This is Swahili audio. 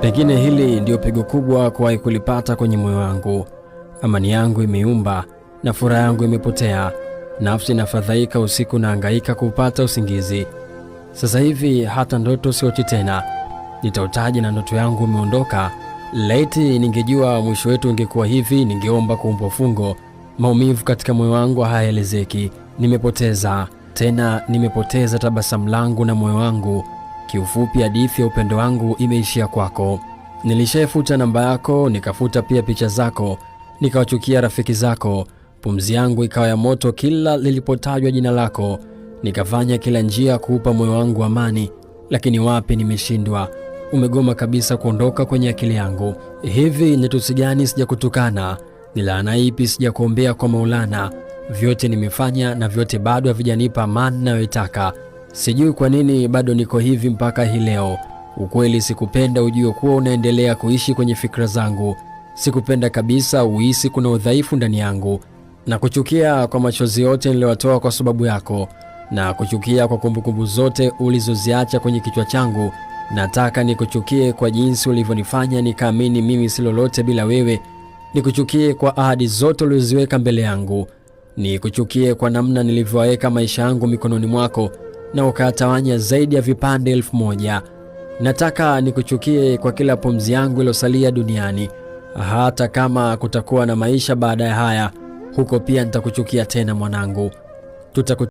Pengine hili ndio pigo kubwa kuwahi kulipata kwenye moyo wangu. Amani yangu imeumba na furaha yangu imepotea. Nafsi inafadhaika usiku, naangaika kupata usingizi. Sasa hivi hata ndoto sioti tena, nitautaji na ndoto yangu imeondoka. Laiti ningejua mwisho wetu ungekuwa hivi, ningeomba kuumbwa fungo. Maumivu katika moyo wangu hayaelezeki. Nimepoteza tena, nimepoteza tabasamu langu na moyo wangu Kiufupi, hadithi ya upendo wangu imeishia kwako. nilishaefuta namba yako, nikafuta pia picha zako, nikawachukia rafiki zako. Pumzi yangu ikawa ya moto kila lilipotajwa jina lako. Nikafanya kila njia kuupa moyo wangu amani, lakini wapi, nimeshindwa. Umegoma kabisa kuondoka kwenye akili yangu. Hivi ni tusi gani sijakutukana? Ni laana ipi sijakuombea kwa Maulana? Vyote nimefanya na vyote bado havijanipa amani nayoitaka. Sijui kwa nini bado niko hivi mpaka hii leo. Ukweli sikupenda ujue kuwa unaendelea kuishi kwenye fikra zangu. Sikupenda kabisa uhisi kuna udhaifu ndani yangu, na kuchukia kwa machozi yote niliyotoa kwa sababu yako, na kuchukia kwa kumbukumbu zote ulizoziacha kwenye kichwa changu. Nataka nikuchukie kwa jinsi ulivyonifanya nikaamini mimi si lolote bila wewe, nikuchukie kwa ahadi zote ulizoziweka mbele yangu, nikuchukie kwa namna nilivyoweka maisha yangu mikononi mwako na ukatawanya zaidi ya vipande elfu moja. Nataka nikuchukie kwa kila pumzi yangu iliyosalia duniani, hata kama kutakuwa na maisha baada ya haya, huko pia nitakuchukia tena mwanangu. Tutaku